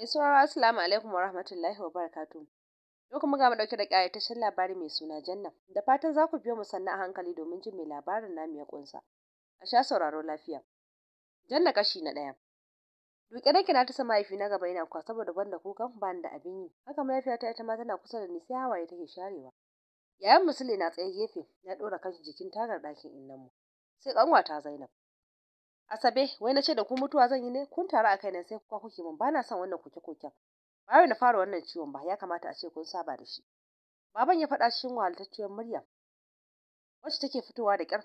Mai sauraro Assalamu alaikum warahmatullahi wabarakatuh. Yau kuma ga mu dauke da ƙayataccen labari mai suna Janna. Da fatan za ku biyo mu sannan a hankali domin jin mai labarin namu ya kunsa. A sha sauraro lafiya. Janna kashi na ɗaya. Duke da kina ta sama mahaifi na gaba yana kwa saboda banda kukan ba da abin yi. Haka mahaifiyata ita ma tana kusa da ni sai hawaye take sharewa. Yayan Musule na tsaye gefe na ɗora kanshi jikin tagar ɗakin innan mu. Sai ta Zainab. asabe wai na ce da ku mutuwa zan yi ne kun taru a kaina sai kuka kuke min bana son wannan kuke koken ba yau na fara wannan ciwon ba ya kamata a ce kun saba da shi baban ya faɗa cikin wahaltacciyar murya wacce take fitowa da ƙyar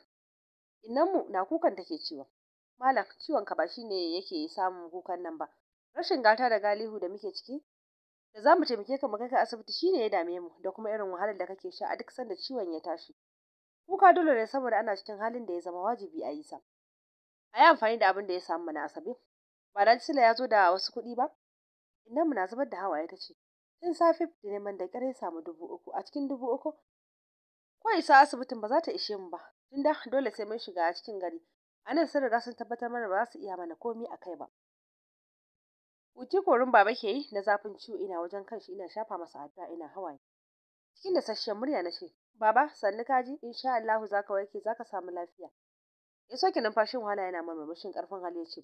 mu na kukan take cewa malam ciwon ka ba shine yake samun kukan nan ba rashin gata da galihu da muke ciki da za mu taimake ka mu kai ka asibiti shine ya dame mu da kuma irin wahalar da kake sha a duk sanda ciwon ya tashi kuka dole ne saboda ana cikin halin da ya zama wajibi a yi sa a yi amfani da abin da ya samu mana asabe ba da cila ya zo da wasu kuɗi ba innan muna zubar da hawaye ta ce tun safe da neman da ya samu dubu uku a cikin dubu uku ko isa asibitin ba za ta ishe mu ba Tun da, dole sai mun shiga cikin gari a nan sun riga sun tabbatar mana ba za su iya mana komi a kai ba Uti korin baba ke yi na zafin ciwo ina wajen kanshi ina shafa masa addu'a ina hawaye. Cikin da sashen murya na ce, Baba, sannu kaji, insha Allah za ka warke za ka samu lafiya. ya soke numfashin wahala yana murmushin karfin hali ya ce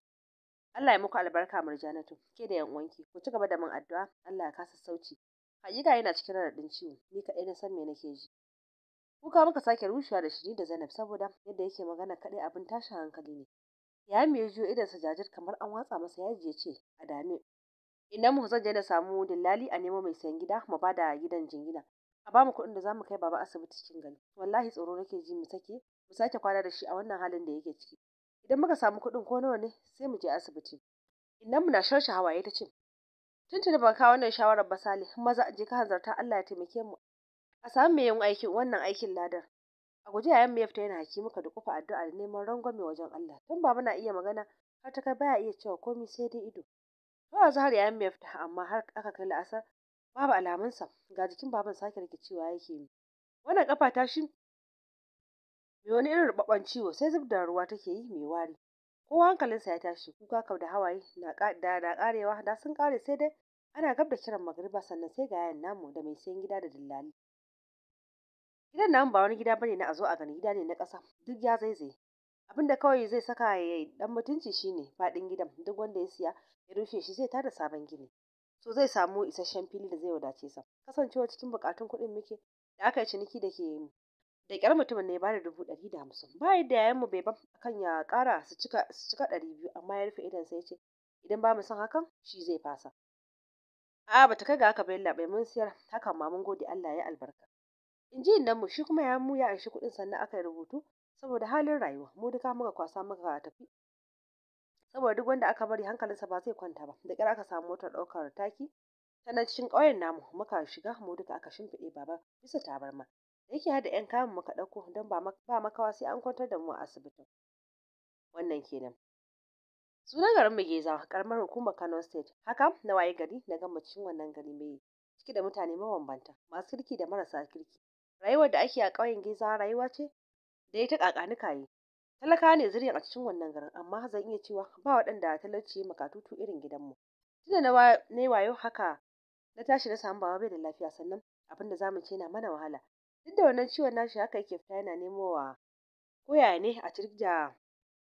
Allah ya muku albarka murjanatu ke da yan ku ci gaba da min addu'a Allah ya kasa sauci hakika yana cikin radadin ciwo ni kaɗai na san me nake ji kuka muka sake rushewa da shiri da Zainab saboda yadda yake magana kaɗai abin tashin hankali ne ya me ya jiyo idan sa jajir kamar an watsa masa yaji ya ce a dame idan mu zan je na samu dillali a nemo mai sayan gida mu bada gidan jingina a bamu kuɗin da za mu kai baba asibiti cikin gari. wallahi tsoro nake ji mu sake mu sake kwana da shi a wannan halin da yake ciki idan muka samu kuɗin ko nawa ne sai mu je asibiti innan muna shan hawaye ta ce tuntuni ban kawo wannan shawarar ba sale maza je ka hanzarta Allah ya taimake mu a samu mai yin aikin wannan aikin ladar a guji yayan mai fita yana haki muka da kufa addu'a da neman rangwame wajen Allah tun baba na iya magana har ta kai baya iya cewa komai sai dai ido to a zahar yayan mai fita amma har aka kai la'asar babu alamunsa ga jikin baban sake rikicewa yake yi wannan kafa ta shi mai wani irin rubabban ciwo sai zub da ruwa take yi mai wari kowa hankalinsa ya tashi kuka kau da hawaye na da karewa da sun kare sai dai ana gab da kiran magariba sannan sai ga yayan namu da mai sayan gida da dillali gidan namu ba wani gida bane na a zo a gani gida ne na ƙasa duk ya zaizaye abin da kawai zai saka ya yi dan mutunci shine faɗin gidan duk wanda ya siya ya rufe shi zai tada sabon gini so zai samu isasshen fili da zai wadace sa kasancewa cikin bukatun kuɗin muke da aka yi ciniki da ke da kyar mutumin ne ba da dubu ɗari da hamsin ba yadda yayan mu bai ba kan ya ƙara su cika ɗari biyu amma ya rufe idon ya ce idan ba mu san hakan shi zai fasa a bata kai ga haka ba yalla mun siyar hakan ma mun gode Allah ya albarka in ji indan mu shi kuma ya mu ya anshi kuɗin sannan aka yi rubutu saboda halin rayuwa mu duka muka kwasa muka tafi saboda duk wanda aka bari hankalinsa ba zai kwanta ba da kyar aka samu motar ɗaukar taki Ta na cikin ƙauyen namu muka shiga mu duka aka shimfiɗe baba bisa tabarma da yake hada yan kamun muka ɗauko don ba makawa sai an kwantar da mu a asibitin wannan kenan sunan garin geza karamar hukumar Kano State haka na waye gari na gama cikin wannan gari mai ciki da mutane mabambanta masu kirki da marasa kirki rayuwar da ake a ƙauyen Geza rayuwa ce da ita kakanuka yi talakawa ne zuriyar a cikin wannan garin amma zan iya cewa ba waɗanda talauci ya makatutu irin gidanmu tunda na na wayo haka na tashi na samu baba bai da lafiya sannan abin da zamu ce na mana wahala duk da wannan ciwon nashi haka yake fita yana nemo wa koya ne a cikin da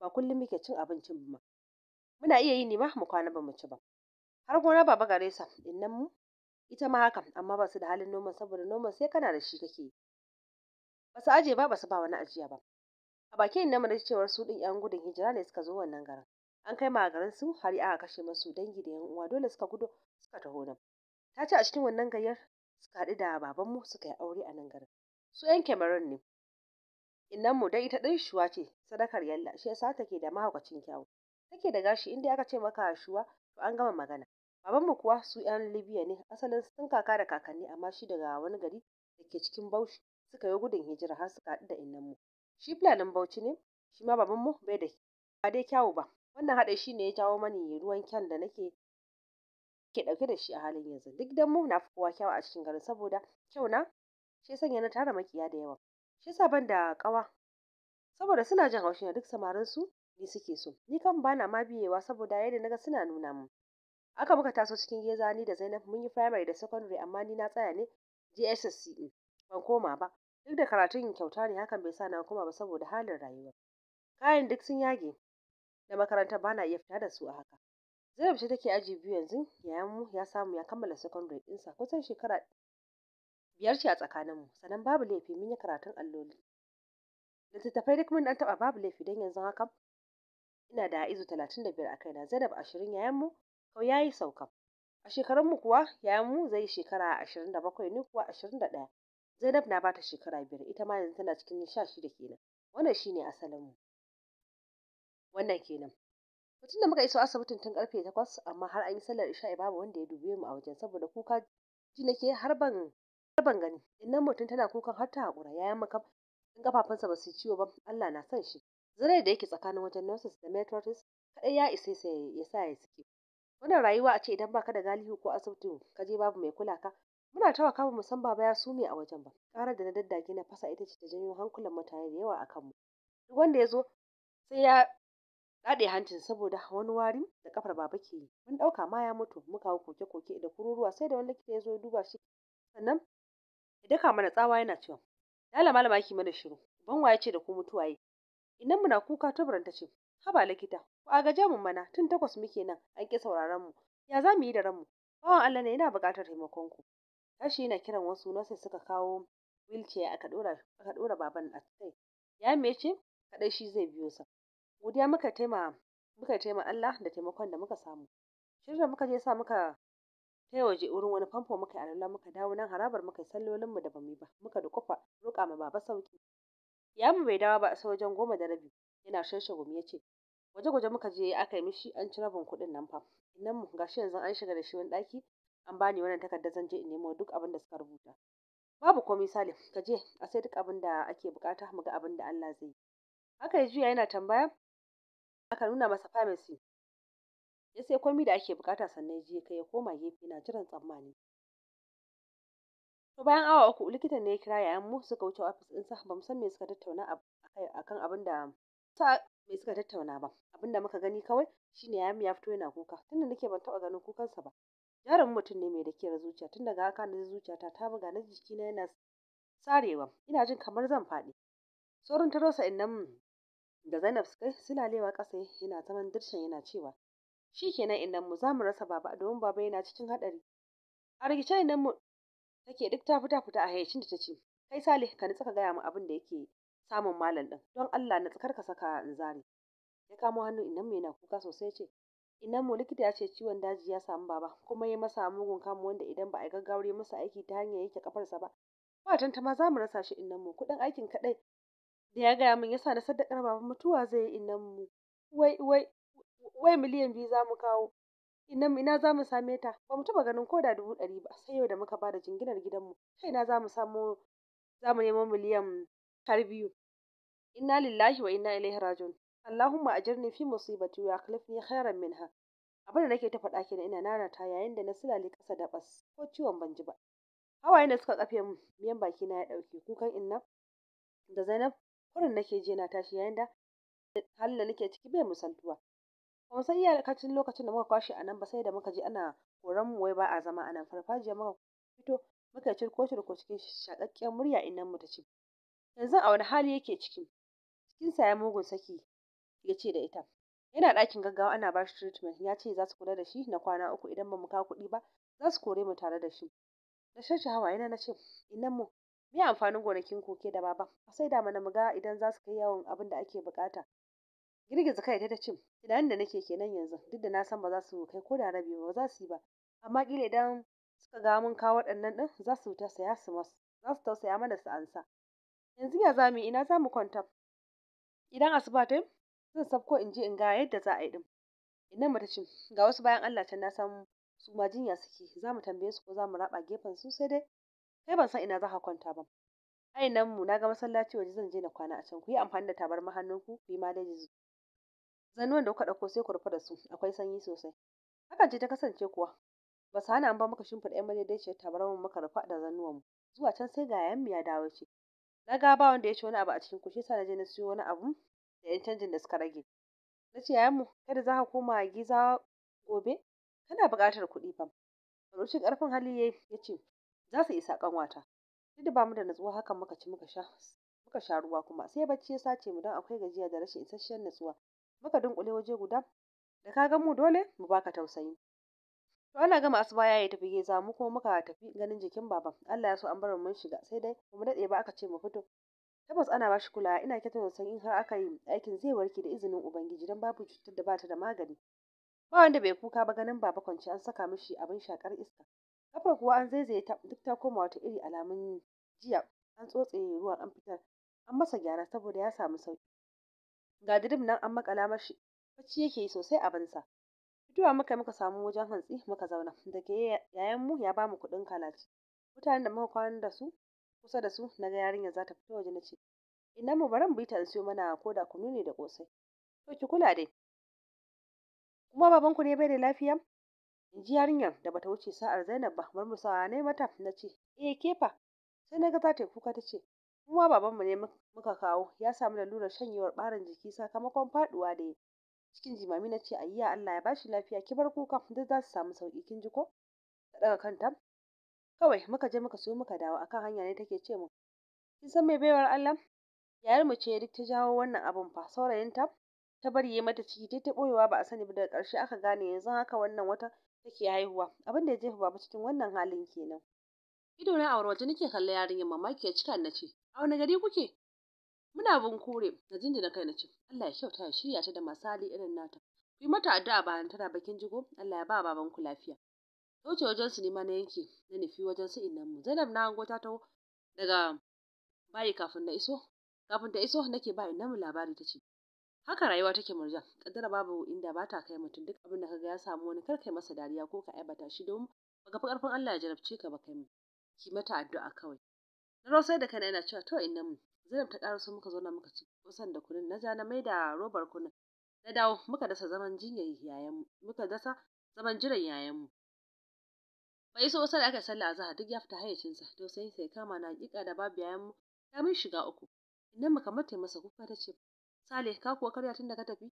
ba kullum muke cin abincin ba muna iya yi ne ma mu kwana ba mu ci ba har gona baba gare sa innan mu ita ma haka amma ba su da halin noman saboda noman sai kana da shi kake ba su ajiye ba ba su ba wani ajiya ba a bakin na da cewar su din yan gudun hijira ne suka zo wannan garin an kai ma garin su har aka kashe masu dangi da yan uwa dole suka gudu suka taho nan ta ce a cikin wannan gayyar suka haɗu da babanmu suka yi aure a nan garin su yan cameroon ne innan mu dai ita din shuwa ce sadakar yalla shi yasa take da mahaukacin kyawu take da gashi inda aka ce maka shuwa to an gama magana babanmu kuwa su yan libya ne asalin sun kaka da kakanni amma shi daga wani gari da ke cikin bauchi suka yi gudun hijira har suka haɗu da innan mu Shi Fulanin Bauchi ne, shi ma mu bai da ba dai kyawu ba. Wannan haɗin shi ne ya jawo mani ruwan kyan da nake ke ɗauke da shi a halin yanzu. Duk dan mu na fi kowa kyawu a cikin garin saboda na shi ya sanya na tara makiya da yawa. Shi ya sa ban da ƙawa saboda suna jin haushin duk su ni suke so. Ni kan ba na ma biyewa saboda yadda na ga suna nuna mun Aka muka taso cikin geza ni da Zainab mun yi firamare da sakandare amma ni na tsaya ne JSS ban koma ba Duk da karatun kyauta ne hakan bai sa na koma ba saboda halin rayuwa. Kayan duk sun yage da makarantar ba iya fita da su a haka. Zainab ce take aji biyu yanzu yayanmu ya samu ya kammala secondary ɗinsa kusan shekara biyar ce a tsakaninmu sannan babu laifi mun yi karatun alloli. Littattafai duk mun dan taɓa babu laifi don yanzu haka ina da izu talatin da biyar a kaina Zainab ashirin yayanmu ya yi sauka. A shekarunmu kuwa yayanmu zai yi shekara ashirin da bakwai ni kuwa ashirin da ɗaya. Zainab na bata shekara biyar ita ma yanzu tana cikin sha shida kenan wannan shine asalinmu wannan kenan mutum da muka iso asibitin tun karfe takwas amma har an yi sallar isha babu wanda ya dube mu a wajen saboda kuka ji nake har ban har ban gani innan mutum tana kukan har ta hakura yayan mu in kafafunsa ba su ciwo ba Allah na san shi zirai da yake tsakanin wajen nurses da metrotis kadai ya isa ya sa ya sike wannan rayuwa a ce idan baka da galihu ko asibitin, ka je babu mai kula ka muna ta kama mu san baba ya sume a wajen ba karar da na daddage na fasa ita ce ta janyo hankulan mutane da yawa akan mu duk wanda ya zo sai ya daɗe hancin saboda wani wari da kafar baba ke yi mun ɗauka ma ya mutu muka hau koke-koke da kururuwa sai da wani likita ya zo ya duba shi sannan ya daka mana tsawa yana cewa lala malama yake mana shiru ban ya ce da ku mutuwa yi idan muna kuka tuburan ta ce haba likita ku agaje mu mana tun takwas muke nan an ƙi sauraron mu ya za mu yi da ranmu bawan Allah ne yana buƙatar taimakon ku Kashi yana kiran wasu nurses suka kawo wheelchair aka ɗora aka ɗora baban a kai ya me ce kaɗai shi zai biyo sa godiya muka taima muka taima Allah da taimakon da muka samu shirin muka je sa muka kai waje wurin wani famfo muka yi alala muka dawo nan harabar muka yi sallolin mu da bamu yi ba muka da kufa roƙa ma baba sauki mu bai dawo ba sai wajen goma da rabi yana shashe gumi ya ce gwaje-gwaje muka je aka yi mishi an ci rabin kuɗin nan fa nan mu gashi yanzu an shiga da shi wani ɗaki an bani wannan takardar zan je in nemo duk abin da suka rubuta babu komai Salim ka je a sai duk abin da ake bukata mu ga abin da Allah zai yi haka ya juya yana tambaya aka nuna masa famasi. ya sai komai da ake bukata sannan je kai ya koma gefe na jiran tsammani to bayan awa uku likitan ne ya kira yayan mu suka wuce office din sa bamu san me suka tattauna akan abin da sa me suka tattauna ba abin da muka gani kawai shine yayan ya fito yana kuka tunda nake ban taba ganin kukansa ba Jarumin mutum ne mai rakiyar zuciya, tun daga haka na zuciyata ta buga, na jiki jikina yana sarewa, ina jin kamar zan faɗi. Saurin ta rosa inda da Zainab suka suna lewa ƙasa yana zaman dirshan yana cewa, shi kenan inda mu za mu rasa baba domin baba yana cikin haɗari. A rigice inda mu take duk ta fita fita a hayyacin da ta ce, kai Sale ka nutsa ka gaya min abin da yake samun malam ɗin, don Allah na tsakar ka saka in Ya kamo hannu inda mu yana kuka sosai ce, mu likita ya ce ciwon daji ya samu baba kuma ya masa mugun kamu wanda idan ba a yi gaggawar yi masa aiki ta hanyar yanke kafarsa ba ba tantama za mu rasa shi mu. kuɗin aikin kaɗai da ya gaya min yasa na sadakar baba mutuwa zai yi innanmu wai wai wai miliyan biyu za mu kawo mu ina za mu same ta ba mu taɓa ganin ko da dubu ɗari ba sai yau da muka bada jinginar gidanmu ina za mu samu za mu nemo miliyan har biyu inna lillahi wa inna ilaihi raji'un Allahumma ajirni fi musibati wa akhlifni khairan minha abin da nake ta faɗa kenan ina nanata yayin da na sulale ƙasa da bas ko ciwon ban ji ba hawayen da suka kafe min miyan baki na ya ɗauke kukan inna da Zainab kurin nake je na tashi yayin da halin da nake ciki bai misaltuwa ba san iyakacin lokacin da muka kwashe a nan ba sai da muka ji ana koran mu wai ba a zama a nan farfajiya muka fito muka cirko cirko cikin shakakken murya innan mu ta ce yanzu a wani hali yake ciki Cikinsa ya mugun saki ya ce da ita yana ɗakin gaggawa ana ba shi treatment ya ce za su kula da shi na kwana uku idan ba mu kawo kuɗi ba za su kore mu tare da shi na shashi hawa yana na ce inan mu me amfanin gonakin koke da baba a sai da mana muga idan za su kai yawon abin da ake bukata girgiza kai ta ce tunanin da nake kenan yanzu duk da na san ba za su kai ko da rabi ba za su yi ba amma kila idan suka ga mun kawo waɗannan ɗin za su tausaya su masu za su tausaya mana su ansa yanzu ya yi ina za mu kwanta idan asuba ta zan ko in je in ga yadda za a yi din inna mata ce ga wasu bayan Allah can na san su ma jinya suke za mu tambaye su ko za mu raba gefen su sai dai kai ban san ina za ka kwanta ba ai nan mu na ga masallaci waje zan je na kwana a can ku yi amfani da tabarma hannunku ku yi maleji zannuwan da kuka ɗauko sai ku rufe da su akwai sanyi sosai hakan ce ta kasance kuwa ba su hana an ba muka shimfiɗa yan madaidaiciyar tabarmar muka rufa da mu. zuwa can sai ga mu ya dawo ce na ga ba wanda ya ci wani abu a cikin ku shi sa na je na siyo wani abu da 'yan canjin da suka rage. Na ce yayanmu kada za ka koma giza gobe kana buƙatar kuɗi fam. Barocin ƙarfin hali ya ya ce za su isa ƙanwata. Duk da ba mu da natsuwa hakan muka ci muka sha muka sha ruwa kuma sai bacci ya sace mu don akwai gajiya da rashin isasshen natsuwa. Muka dunkule waje guda da ka ga mu dole mu baka tausayi. To ana gama asuba ya tafi geza mu kuma muka tafi ganin jikin baban. Allah ya so an bar mu mun shiga sai dai mu daɗe ba aka ce mu fito. tabbas ana bashi kulawa ina kyautar san in har aka yi aikin zai warke da izinin ubangiji dan babu cutar da bata da magani ba wanda bai kuka ba ganin baba kwanci an saka mishi abin shakar iska kafar kuwa an zaizaye ta duk ta koma wata iri alamun jiya an tsotse ruwan an fitar an masa gyara saboda ya samu sauki ga dirim nan an makala mashi bacci yake yi sosai a bansa fitowa muka muka samu wajen hantsi muka zauna da ke yayan mu ya bamu kuɗin kalaci mutanen da muka kwana da su kusa da su na ga yarinyar za ta fita waje na ce ina mu bari mu bi ta in siyo mana koda kunu ne da kosai to ki kula dai kuma babanku ne bai da lafiya in ji yarinyar da bata wuce sa'ar Zainab ba murmusawa ne mata na ce eh kefa sai na ga za ta kuka ta ce kuma babanmu ne muka kawo ya samu lalurar shanyewar barin jiki sakamakon faduwa da cikin jimami na ce ayya Allah ya bashi lafiya ki bar kuka duk za su samu sauki kin ji ko ta daga kanta Kawai muka je muka siyo muka dawo akan hanya ne take ce mu kin san me baiwar Allah yayar mu ce duk ta jawo wannan abun fa saurayinta ta bari ya mata ciki dai ta boyewa ba a sani ba daga ƙarshe aka gane yanzu haka wannan wata take haihuwa abin da ya jefa baba cikin wannan halin kenan ido na aure waje nake kalle yarinyar mamaki ya cika na ce a wani gari kuke muna bin kure na jinjina kai na ce Allah ya kyauta ya shirya ta da masali irin nata ku yi mata addu'a bayan tana bakin jigo Allah ya ba baban ku lafiya Wuce wajen su nema na yanke na nufi wajen su innan mu. Zainab na hango ta taho daga bayi kafin na iso. Kafin ta iso nake ba innan mu labari ta ce. Haka rayuwa take murja, Kaddara babu inda ba ta kai mutum duk abin da ga ya samu wani kar kai masa dariya ko ka aibata shi domin baka fi karfin Allah ya jarabce ka ba kai ki mata addu'a kawai. Na rosai da kana yana cewa to innan mu. Zainab ta karaso muka zauna muka ci kusan da kunin na ja na maida robar kunin. Na dawo muka dasa zaman jinyar yayan muka dasa zaman jiran yayan mu. bai so sai da aka sallah azhar duk ya fita hayyacinsa to sai sai kama na hakika da babu yayan mu ta mun shiga uku idan muka mata masa kuka ta ce sale ka kuwa karya tun da ka tafi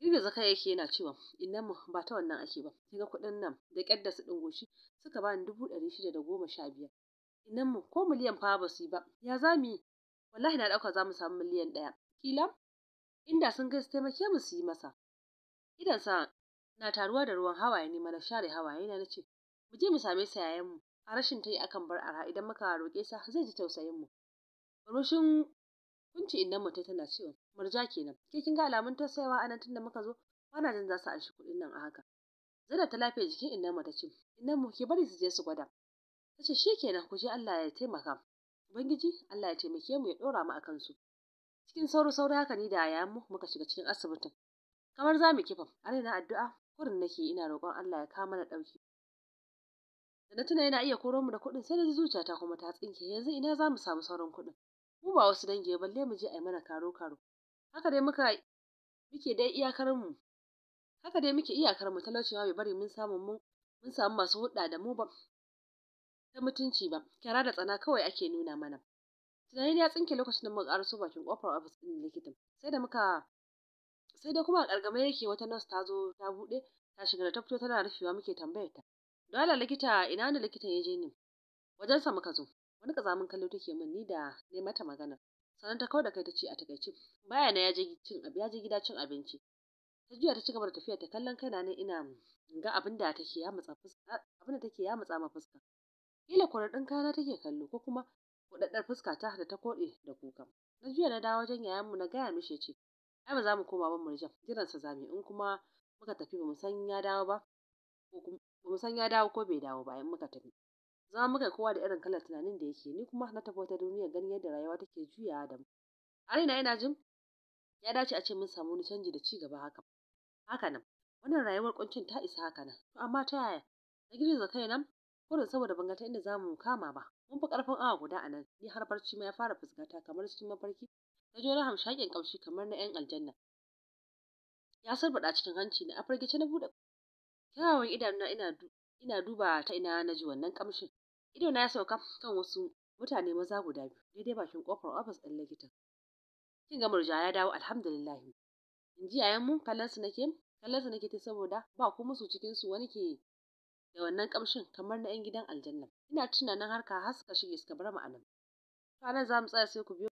Yuyu zaka yake yana cewa innan mu ba ta wannan ake ba kiga kuɗin nan da ƙyar su ɗin goshi suka bani dubu ɗari shida da goma sha biyar innan mu ko miliyan fa ba su yi ba ya za mu yi wallahi na ɗauka za mu samu miliyan ɗaya kila inda sun gaisa taimake mu su yi masa idan sa na taruwa da ruwan hawaye ne mana share hawaye na ce mu je mu same sa yayan mu a rashin ta yi akan bar ara idan muka roƙe sa zai ji tausayin mu murmushin kunci innan mu ta tana cewa murja kenan ke kin ga alamun tausayawa a nan tunda muka zo bana jin za su anshi kuɗin nan a haka Zainab ta lafiya jikin innan mu ta ce innan mu ke bari su je su gwada ta ce kenan ku je Allah ya taimaka ubangiji Allah ya taimake mu ya ɗora mu akan su cikin sauri sauri haka ni da yayan mu muka shiga cikin asibitin kamar za mu kifa a raina addu'a kurin nake ina roƙon Allah ya kama mana ɗauki da na tuna yana iya koro mu da kuɗin sai na ji zuciyata kuma ta tsinke yanzu ina za mu samu sauran kuɗin mu ba wasu dangi balle mu je a yi mana karo karo haka dai muka muke dai iyakar mu haka dai muke iyakar mu talaucewa bai bari mun samu mun mun samu masu hudda da mu ba ta mutunci ba kyara da tsana kawai ake nuna mana tunani ya tsinke lokacin da muka so bakin kofar ofis din likitan sai da muka sai da kuma a ƙargame yake wata nurse ta zo ta buɗe ta shiga da ta fito tana rufewa muke tambayar ta Dole likita ina ne likitan ya je Wajen Wajensa muka zo. Wani kazamin kallo take min ni da ne mata magana. Sannan ta kawo da kai ta ce a takaice baya na ya je cin ya je gida cin abinci. Ta juya ta cigaba da tafiya ta kallon kaina ne ina ga abin da take ya matsa fuska abin da take ya matsa ma fuska. Kila kuraɗin na take kallo ko kuma kuɗaɗɗar fuska ta da ta koɗe da kuka. Na juya na dawo wajen yayan mu na gaya mishi ya ce ai ba za mu koma ba murjan jiransa za mu in kuma muka tafi ba mu san ya dawo ba ba san ya dawo ko bai dawo ba in muka tafi zama muka kowa da irin kalar tunanin da yake ni kuma na tafi wata duniya ganin yadda rayuwa take juya da mu har ina ina jin ya dace a ce mun samu wani canji da ci gaba haka haka nan wannan rayuwar kuncin ta isa haka nan to amma ta yaya na girgiza kai nan ko da saboda ban ga ta inda zamu kama ba mun fi karfin awa guda a nan ni har barci ma ya fara fuskata kamar cikin mafarki na jo na hamshakin kamshi kamar na yan aljanna ya sarbaɗa cikin hanci na a firgice na buɗe Kyawawan idanuna ina duba ta ina na ji wannan kamshin. Idona ya sauka kan wasu mutane maza guda biyu daidai bakin kofar ofis ɗin likitan. Kin ga Murja ya dawo alhamdulillah. In ji yayanmu kallon su nake, kallon su nake ta saboda ba ku musu cikin su wani ke da wannan kamshin kamar na 'yan gidan aljanna. Ina tunanin harka haska shi shige suka bar mu a nan. nan za mu tsaya sai ku biyo.